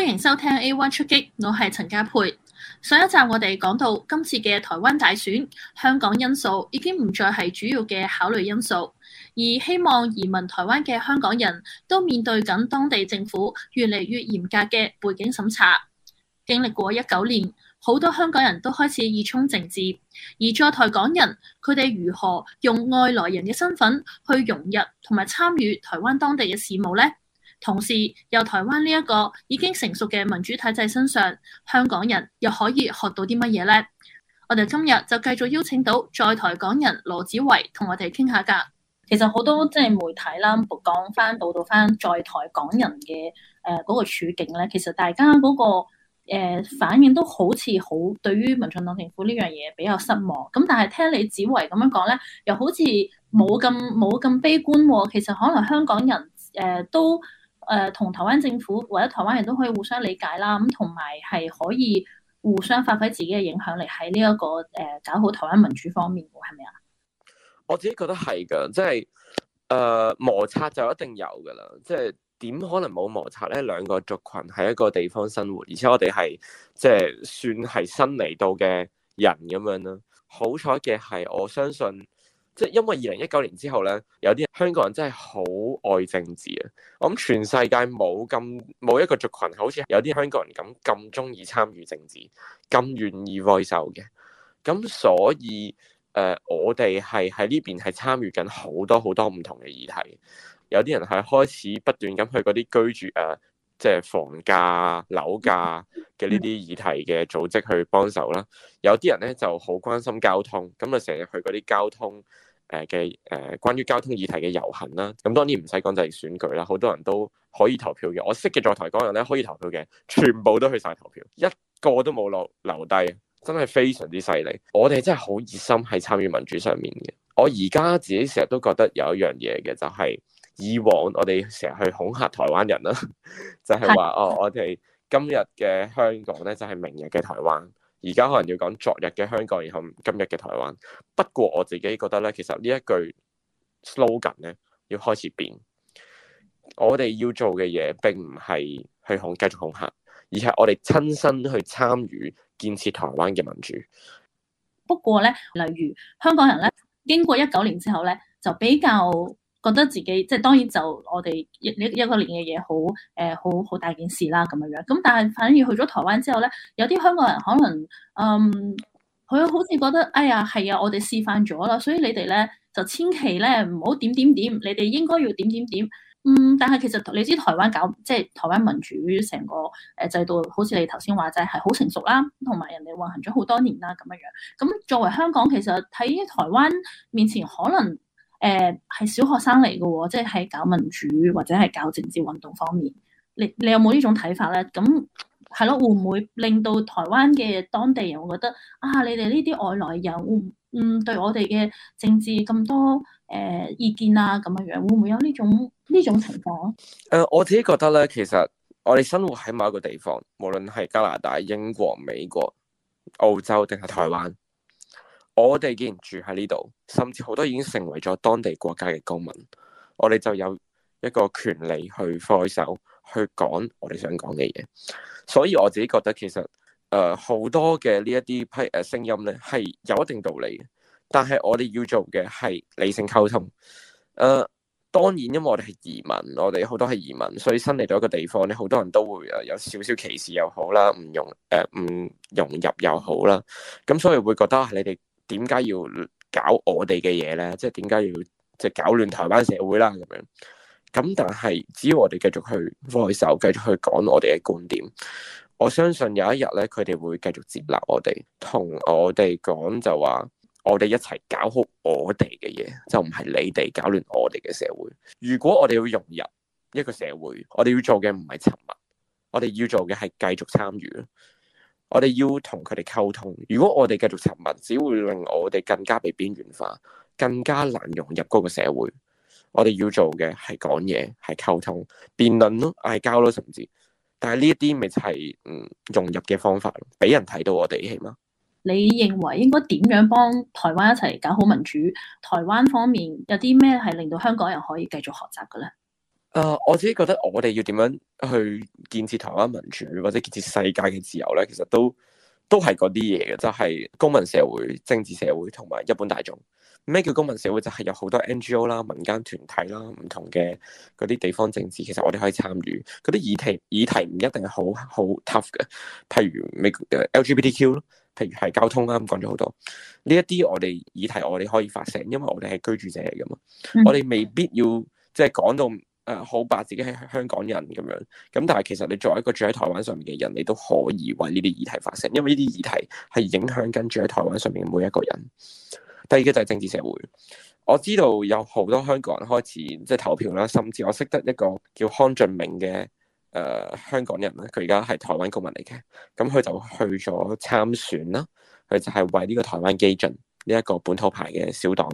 歡迎收聽 A One 出擊，我係陳家佩。上一集我哋講到，今次嘅台灣大選，香港因素已經唔再係主要嘅考慮因素，而希望移民台灣嘅香港人都面對緊當地政府越嚟越嚴格嘅背景審查。經歷過一九年，好多香港人都開始意充政治，而在台港人佢哋如何用外來人嘅身份去融入同埋參與台灣當地嘅事務呢？同時，由台灣呢一個已經成熟嘅民主體制身上，香港人又可以學到啲乜嘢咧？我哋今日就繼續邀請到在台港人羅子維同我哋傾下㗎。其實好多即係媒體啦，講返報導返在台港人嘅誒嗰個處境咧，其實大家嗰、那個、呃、反應都好似好對於民進黨政府呢樣嘢比較失望。咁但係聽你子維咁樣講咧，又好似冇咁冇咁悲觀喎、哦。其實可能香港人誒、呃、都～誒同、呃、台灣政府或者台灣人都可以互相理解啦，咁同埋係可以互相發揮自己嘅影響力喺呢一個誒、呃、搞好台灣民主方面，係咪啊？我自己覺得係㗎，即係誒摩擦就一定有㗎啦，即係點可能冇摩擦咧？兩個族群喺一個地方生活，而且我哋係即係算係新嚟到嘅人咁樣啦。好彩嘅係，我相信。即係因為二零一九年之後咧，有啲香港人真係好愛政治啊！我諗全世界冇咁冇一個族群好似有啲香港人咁咁中意參與政治，咁願意維受嘅。咁所以誒、呃，我哋係喺呢邊係參與緊好多好多唔同嘅議題。有啲人係開始不斷咁去嗰啲居住誒，即係房價、樓價嘅呢啲議題嘅組織去幫手啦。有啲人咧就好關心交通，咁啊成日去嗰啲交通。誒嘅誒關於交通議題嘅遊行啦，咁當然唔使講就係選舉啦，好多人都可以投票嘅。我識嘅在台港人咧可以投票嘅，全部都去晒投票，一個都冇留留低，真係非常之犀利。我哋真係好熱心喺參與民主上面嘅。我而家自己成日都覺得有一樣嘢嘅，就係、是、以往我哋成日去恐嚇台灣人啦， 就係話說的哦，我哋今日嘅香港咧就係、是、明日嘅台灣。而家可能要講昨日嘅香港，然後今日嘅台灣。不過我自己覺得咧，其實呢一句 slogan 咧要開始變。我哋要做嘅嘢並唔係去恐繼續恐嚇，而係我哋親身去參與建設台灣嘅民主。不過咧，例如香港人咧，經過一九年之後咧，就比較。覺得自己即係當然就我哋一呢一個年嘅嘢好誒好好大件事啦咁樣樣，咁但係反而去咗台灣之後咧，有啲香港人可能嗯佢好似覺得哎呀係啊，我哋示範咗啦，所以你哋咧就千祈咧唔好點點點，你哋應該要點點點。嗯，但係其實你知台灣搞即係台灣民主成個誒制度，好似你頭先話就係好成熟啦，同埋人哋運行咗好多年啦咁樣樣。咁、嗯、作為香港，其實喺台灣面前可能。誒係、呃、小學生嚟嘅喎，即係喺搞民主或者係搞政治運動方面，你你有冇呢種睇法咧？咁係咯，會唔會令到台灣嘅當地人覺得啊，你哋呢啲外來人，嗯對我哋嘅政治咁多誒、呃、意見啊，咁樣樣會唔會有呢種呢種情況？誒、呃，我自己覺得咧，其實我哋生活喺某一個地方，無論係加拿大、英國、美國、澳洲定係台灣。我哋既然住喺呢度，甚至好多已經成為咗當地國家嘅公民，我哋就有一個權利去放手去講我哋想講嘅嘢。所以我自己覺得其實誒好、呃、多嘅呢一啲批誒聲音咧，係有一定道理嘅，但係我哋要做嘅係理性溝通。誒、呃，當然，因為我哋係移民，我哋好多係移民，所以新嚟到一個地方咧，好多人都會誒有少少歧視又好啦，唔融誒唔融入又好啦，咁所以會覺得你哋。點解要搞我哋嘅嘢呢？即係點解要即係搞亂台灣社會啦？咁樣咁，但係只要我哋繼續去維手，繼續去講我哋嘅觀點，我相信有一日呢，佢哋會繼續接納我哋，同我哋講就話，我哋一齊搞好我哋嘅嘢，就唔係你哋搞亂我哋嘅社會。如果我哋要融入一個社會，我哋要做嘅唔係沉默，我哋要做嘅係繼續參與。我哋要同佢哋溝通，如果我哋繼續沉默，只會令我哋更加被邊緣化，更加難融入嗰個社會。我哋要做嘅係講嘢，係溝通、辯論咯、嗌交咯，甚至，但係呢一啲咪就係嗯融入嘅方法咯，俾人睇到我哋係咪？你認為應該點樣幫台灣一齊搞好民主？台灣方面有啲咩係令到香港人可以繼續學習嘅咧？誒，uh, 我自己覺得我哋要點樣去建設台灣民主或者建設世界嘅自由咧，其實都都係嗰啲嘢嘅，就係、是、公民社會、政治社會同埋一般大眾。咩叫公民社會？就係、是、有好多 NGO 啦、民間團體啦、唔同嘅嗰啲地方政治，其實我哋可以參與嗰啲議題。議題唔一定係好好 tough 嘅，譬如美誒 LGBTQ 咯，譬如係交通啦，咁講咗好多呢一啲我哋議題，我哋可以發聲，因為我哋係居住者嚟噶嘛，我哋未必要即係講到。好怕、呃、自己係香港人咁樣，咁但係其實你作為一個住喺台灣上面嘅人，你都可以為呢啲議題發聲，因為呢啲議題係影響緊住喺台灣上面嘅每一個人。第二個就係政治社會，我知道有好多香港人開始即係投票啦，甚至我識得一個叫康俊明嘅誒、呃、香港人咧，佢而家係台灣公民嚟嘅，咁佢就去咗參選啦，佢就係為呢個台灣基進呢一、呢個本土派嘅小黨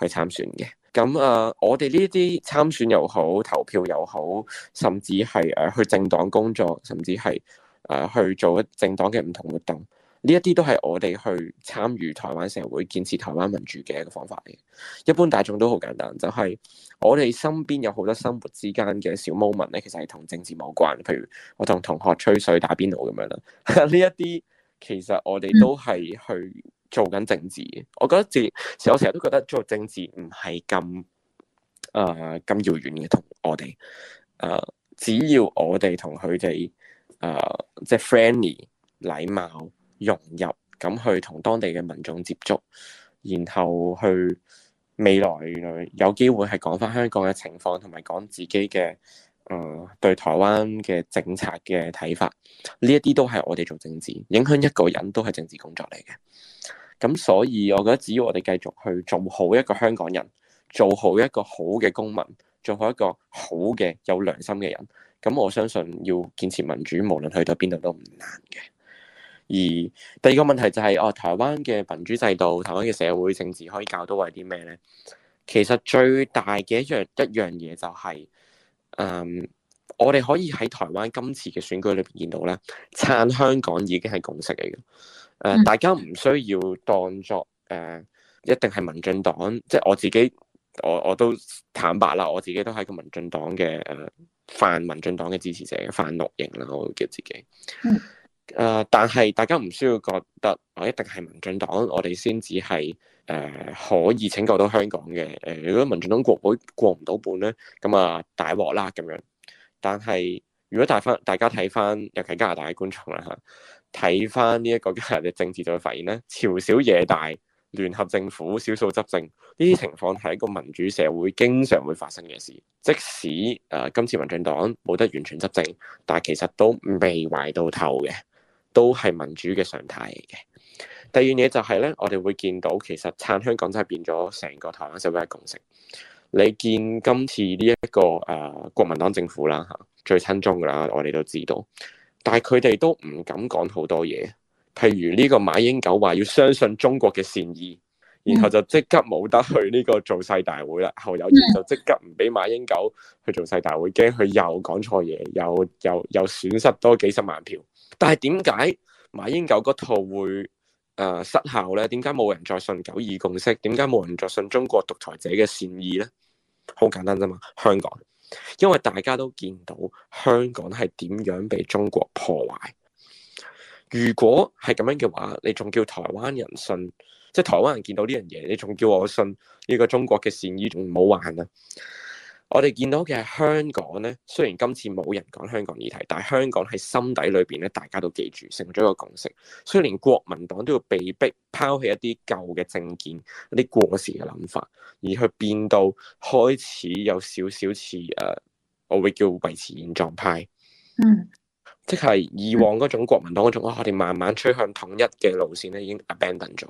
去參選嘅。咁啊、嗯，我哋呢啲參選又好，投票又好，甚至係誒、呃、去政黨工作，甚至係誒、呃、去做一政黨嘅唔同活動，呢一啲都係我哋去參與台灣社會、建設台灣民主嘅一個方法嚟嘅。一般大眾都好簡單，就係、是、我哋身邊有好多生活之間嘅小 moment 咧，其實係同政治冇關。譬如我同同學吹水打邊爐咁樣啦，呢一啲其實我哋都係去做緊政治，我覺得自成我成日都覺得做政治唔係咁誒咁遙遠嘅，同、呃、我哋誒、呃、只要我哋同佢哋誒即係 friendly、禮貌、融入咁去同當地嘅民眾接觸，然後去未來原來有機會係講返香港嘅情況，同埋講自己嘅。誒、嗯，對台灣嘅政策嘅睇法，呢一啲都係我哋做政治影響一個人都係政治工作嚟嘅。咁所以，我覺得只要我哋繼續去做好一個香港人，做好一個好嘅公民，做好一個好嘅有良心嘅人，咁我相信要建設民主，無論去到邊度都唔難嘅。而第二個問題就係、是，哦，台灣嘅民主制度，台灣嘅社會政治可以教到為啲咩呢？其實最大嘅一,一樣一樣嘢就係、是。誒，um, 我哋可以喺台灣今次嘅選舉裏邊見到咧，撐香港已經係共識嚟嘅。誒、uh, 嗯，大家唔需要當作誒，uh, 一定係民進黨。即、就、係、是、我自己，我我都坦白啦，我自己都係個民進黨嘅誒，泛、uh, 民進黨嘅支持者，泛綠營啦，我會叫自己。嗯誒、呃，但係大家唔需要覺得我一定係民進黨，我哋先至係誒，可以拯救到香港嘅。誒、呃，如果民進黨國會過唔到半咧，咁啊大鑊啦咁樣。但係如果大翻，大家睇翻，尤其加拿大嘅觀眾啦吓，睇翻呢一個加拿大政治就會發現咧，朝小野大，聯合政府少數執政，呢啲情況係一個民主社會經常會發生嘅事。即使誒、呃、今次民進黨冇得完全執政，但係其實都未壞到頭嘅。都係民主嘅常態嚟嘅。第二嘢就係咧，我哋會見到其實撐香港真係變咗成個台灣社會嘅共識。你見今次呢、這、一個誒、呃、國民黨政府啦吓，最親中噶啦，我哋都知道。但係佢哋都唔敢講好多嘢。譬如呢個馬英九話要相信中國嘅善意，然後就即刻冇得去呢個造勢大會啦。侯友宜就即刻唔俾馬英九去造勢大會，驚佢又講錯嘢，又又又損失多幾十萬票。但係點解馬英九嗰套會誒失效咧？點解冇人再信九二共識？點解冇人再信中國獨裁者嘅善意咧？好簡單啫嘛，香港，因為大家都見到香港係點樣被中國破壞。如果係咁樣嘅話，你仲叫台灣人信？即係台灣人見到呢樣嘢，你仲叫我信呢個中國嘅善意？仲唔好玩啦！我哋見到嘅係香港咧，雖然今次冇人講香港議題，但係香港喺心底裏邊咧，大家都記住，成咗一個共識。所以連國民黨都要被迫拋棄一啲舊嘅政見、一啲過時嘅諗法，而去變到開始有少少似誒，uh，我會叫維持現狀派。嗯，即係以往嗰種國民黨嗰種，我哋慢慢趨向統一嘅路線咧，已經 abandon 咗。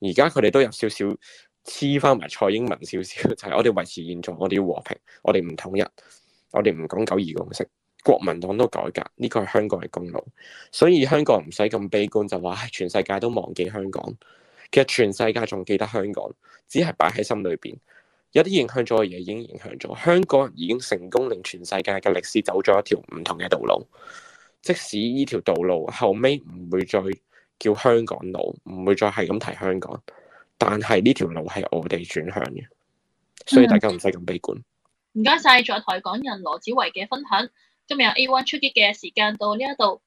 而家佢哋都有少少。黐翻埋蔡英文少少，就係、是、我哋維持現狀，我哋要和平，我哋唔統一，我哋唔講九二共識，國民黨都改革，呢個係香港嘅功勞，所以香港唔使咁悲觀，就話全世界都忘記香港，其實全世界仲記得香港，只係擺喺心裏邊，有啲影響咗嘅嘢已經影響咗，香港人已經成功令全世界嘅歷史走咗一條唔同嘅道路，即使呢條道路後尾唔會再叫香港路，唔會再係咁提香港。但係呢條路係我哋轉向嘅，所以大家唔使咁悲觀。唔該晒，在台港人羅子維嘅分享。今日 A1 出擊嘅時間到呢一度。